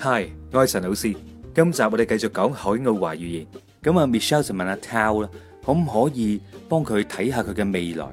Hi，我係陳老師。今集我哋繼續講海奧華語言。咁啊，Michelle 就問阿 Tao 啦，可唔可以幫佢睇下佢嘅未來？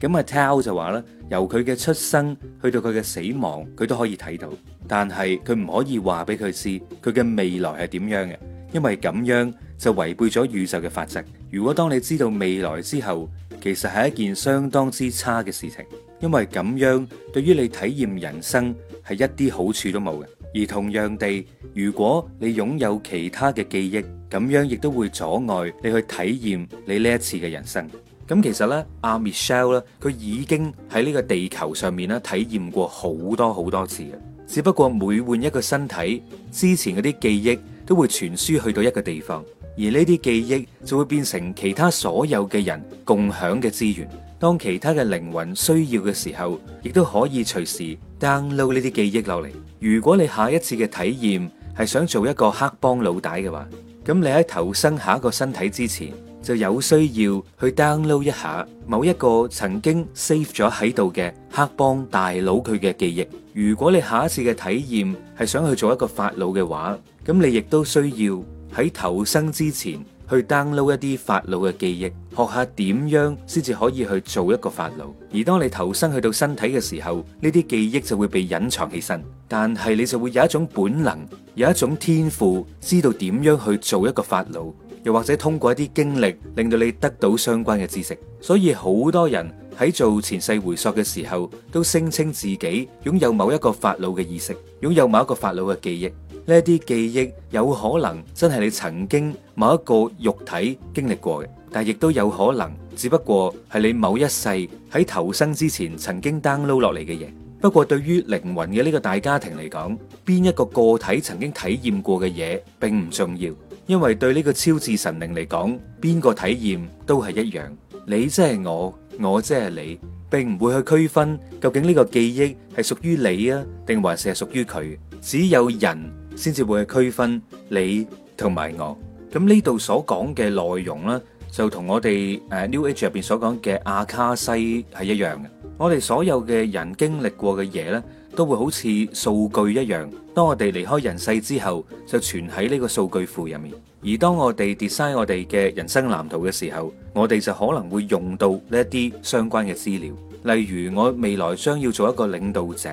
咁啊，Tao 就話啦，由佢嘅出生去到佢嘅死亡，佢都可以睇到，但係佢唔可以話俾佢知佢嘅未來係點樣嘅，因為咁樣就違背咗宇宙嘅法則。如果當你知道未來之後，其實係一件相當之差嘅事情，因為咁樣對於你體驗人生係一啲好處都冇嘅。而同樣地，如果你擁有其他嘅記憶，咁樣亦都會阻礙你去體驗你呢一次嘅人生。咁、嗯、其實咧，阿 Michelle 咧，佢已經喺呢個地球上面咧體驗過好多好多次嘅，只不過每換一個身體，之前嗰啲記憶都會傳輸去到一個地方，而呢啲記憶就會變成其他所有嘅人共享嘅資源。當其他嘅靈魂需要嘅時候，亦都可以隨時 download 呢啲記憶落嚟。如果你下一次嘅體驗係想做一個黑幫老大嘅話，咁你喺投生下一個身體之前，就有需要去 download 一下某一個曾經 save 咗喺度嘅黑幫大佬佢嘅記憶。如果你下一次嘅體驗係想去做一個法老嘅話，咁你亦都需要喺投生之前。去 download 一啲法老嘅記憶，學下點樣先至可以去做一個法老。而當你投身去到身體嘅時候，呢啲記憶就會被隱藏起身，但係你就會有一種本能，有一種天賦，知道點樣去做一個法老。又或者通過一啲經歷，令到你得到相關嘅知識。所以好多人喺做前世回溯嘅時候，都聲稱自己擁有某一個法老嘅意識，擁有某一個法老嘅記憶。呢一啲記憶有可能真係你曾經某一個肉體經歷過嘅，但亦都有可能，只不過係你某一世喺投生之前曾經 download 落嚟嘅嘢。不過對於靈魂嘅呢個大家庭嚟講，邊一個個體曾經體驗過嘅嘢，並唔重要。因為對呢個超智神靈嚟講，邊個體驗都係一樣。你即係我，我即係你，並唔會去區分究竟呢個記憶係屬於你啊，定還是係屬於佢。只有人先至會去區分你同埋我。咁呢度所講嘅內容咧，就同我哋誒 New Age 入邊所講嘅阿卡西係一樣嘅。我哋所有嘅人經歷過嘅嘢咧。都會好似數據一樣，當我哋離開人世之後，就存喺呢個數據庫入面。而當我哋 design 我哋嘅人生藍圖嘅時候，我哋就可能會用到呢一啲相關嘅資料。例如，我未來將要做一個領導者，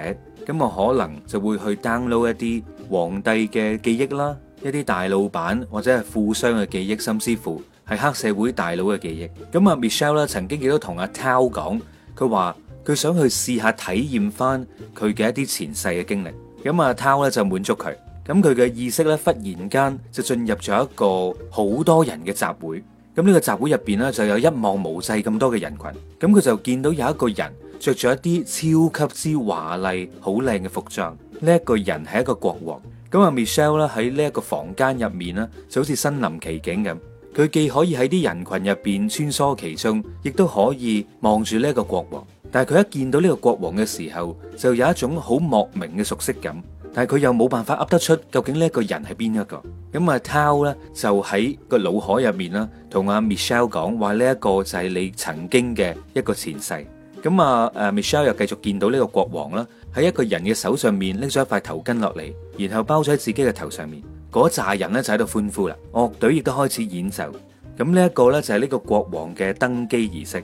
咁我可能就會去 download 一啲皇帝嘅記憶啦，一啲大老闆或者係富商嘅記憶，甚至乎係黑社會大佬嘅記憶。咁啊，Michelle 曾經亦都同阿 Tao 講，佢話。佢想去試下體驗翻佢嘅一啲前世嘅經歷。咁阿 Tow 咧就滿足佢。咁佢嘅意識咧，忽然間就進入咗一個好多人嘅集會。咁呢個集會入邊咧，就有一望無際咁多嘅人羣。咁佢就見到有一個人著住一啲超級之華麗、好靚嘅服裝。呢一個人係一個國王。咁阿 Michelle 咧喺呢一個房間入面咧，就好似身臨其境咁。佢既可以喺啲人羣入邊穿梭其中，亦都可以望住呢一個國王。但係佢一見到呢個國王嘅時候，就有一種好莫名嘅熟悉感。但係佢又冇辦法噏得出究竟呢一個人係邊一個。咁啊，Tau 咧就喺個腦海入面啦，同阿 Michelle 講話呢一個就係你曾經嘅一個前世。咁啊，誒 Michelle 又繼續見到呢個國王啦，喺一個人嘅手上面拎咗一塊頭巾落嚟，然後包咗喺自己嘅頭上面。嗰扎人咧就喺度歡呼啦，樂隊亦都開始演奏。咁呢一個咧就係呢個國王嘅登基儀式。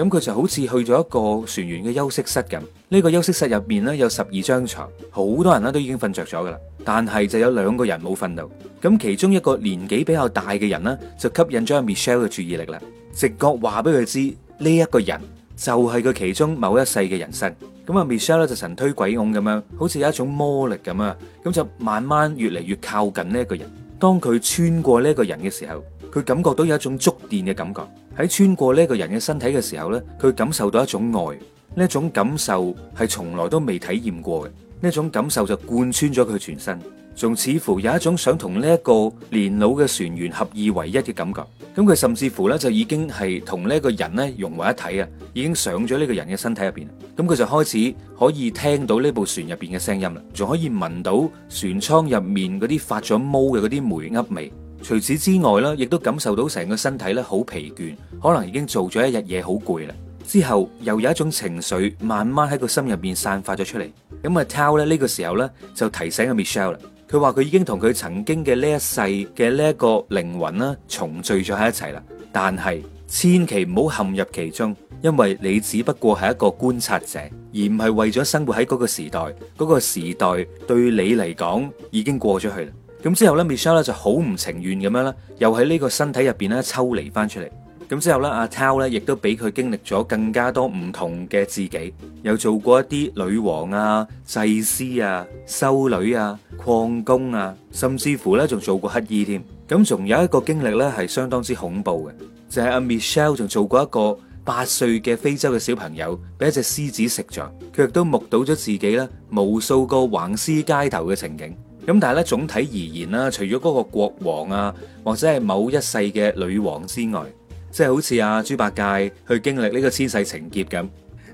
咁佢就好似去咗一個船員嘅休息室咁，呢個休息室入面咧有十二張床，好多人咧都已經瞓着咗噶啦，但係就有兩個人冇瞓到。咁其中一個年紀比較大嘅人呢，就吸引咗阿 Michelle 嘅注意力啦，直覺話俾佢知呢一個人就係佢其中某一世嘅人生。咁啊 Michelle 咧就神推鬼拱咁樣，好似有一種魔力咁啊，咁就慢慢越嚟越靠近呢一個人。當佢穿過呢一個人嘅時候，佢感覺到有一種觸電嘅感覺。喺穿過呢一個人嘅身體嘅時候呢，佢感受到一種愛，呢一種感受係從來都未體驗過嘅，呢一種感受就貫穿咗佢全身，仲似乎有一種想同呢一個年老嘅船員合二為一嘅感覺。咁佢甚至乎呢，就已經係同呢一個人呢融為一體啊，已經上咗呢個人嘅身體入邊。咁佢就開始可以聽到呢部船入邊嘅聲音啦，仲可以聞到船艙入面嗰啲發咗毛嘅嗰啲霉噏味。除此之外咧，亦都感受到成個身體咧好疲倦，可能已經做咗一日嘢，好攰啦。之後又有一種情緒慢慢喺個心入邊散發咗出嚟。咁啊，Tao 咧呢個時候咧就提醒阿 Michelle 啦，佢話佢已經同佢曾經嘅呢一世嘅呢一個靈魂啦重聚咗喺一齊啦。但係千祈唔好陷入其中，因為你只不過係一個觀察者，而唔係為咗生活喺嗰個時代。嗰個時代對你嚟講已經過咗去啦。咁之後咧，Michelle 咧就好唔情願咁樣啦，又喺呢個身體入邊咧抽離翻出嚟。咁之後咧，阿 Tau 咧亦都俾佢經歷咗更加多唔同嘅自己，又做過一啲女王啊、祭司啊、修女啊、礦工啊，甚至乎咧仲做過乞兒添。咁仲有一個經歷咧係相當之恐怖嘅，就係阿 Michelle 仲做過一個八歲嘅非洲嘅小朋友，俾一隻獅子食著，佢亦都目睹咗自己咧無數個橫屍街頭嘅情景。咁但係咧，總體而言啦，除咗嗰個國王啊，或者係某一世嘅女王之外，即係好似阿豬八戒去經歷呢個千世情劫咁，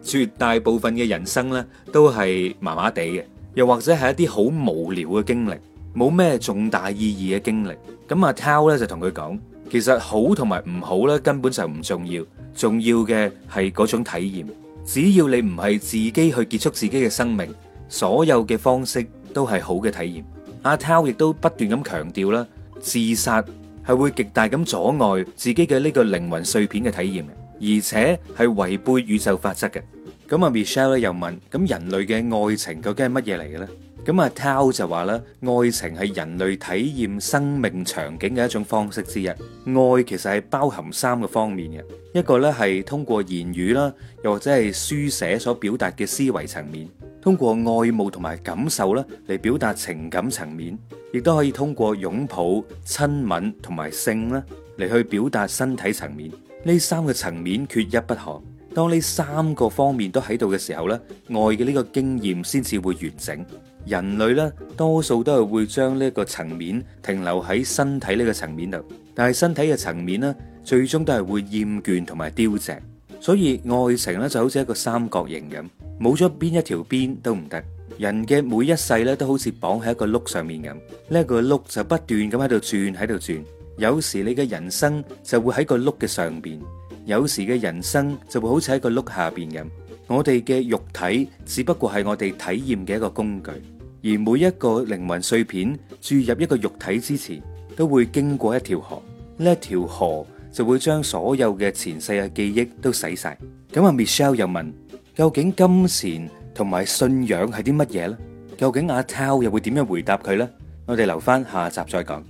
絕大部分嘅人生呢都係麻麻地嘅，又或者係一啲好無聊嘅經歷，冇咩重大意義嘅經歷。咁阿濤咧就同佢講，其實好同埋唔好呢根本就唔重要，重要嘅係嗰種體驗。只要你唔係自己去結束自己嘅生命，所有嘅方式都係好嘅體驗。阿濤亦都不斷咁強調啦，自殺係會極大咁阻礙自己嘅呢個靈魂碎片嘅體驗嘅，而且係違背宇宙法則嘅。咁阿 Michelle 咧又問：咁人類嘅愛情究竟係乜嘢嚟嘅咧？咁阿濤就話啦：愛情係人類體驗生命場景嘅一種方式之一。愛其實係包含三個方面嘅，一個咧係通過言語啦，又或者係書寫所表達嘅思維層面。通過愛慕同埋感受咧，嚟表達情感層面，亦都可以通過擁抱、親吻同埋性咧嚟去表達身體層面。呢三個層面缺一不可。當呢三個方面都喺度嘅時候咧，愛嘅呢個經驗先至會完整。人類咧多數都係會將呢一個層面停留喺身體呢個層面度，但係身體嘅層面咧最終都係會厭倦同埋凋謝。所以愛情咧就好似一個三角形咁。冇咗邊一條邊都唔得。人嘅每一世咧都好似綁喺一個碌上面咁，呢一個碌就不斷咁喺度轉喺度轉。有時你嘅人生就會喺個碌嘅上邊，有時嘅人生就會好似喺個碌下邊咁。我哋嘅肉體只不過係我哋體驗嘅一個工具，而每一個靈魂碎片注入一個肉體之前，都會經過一條河，呢一條河就會將所有嘅前世嘅記憶都洗晒。咁啊，Michelle 又問。究竟金錢同埋信仰係啲乜嘢呢？究竟阿滔又會點樣回答佢呢？我哋留翻下集再講。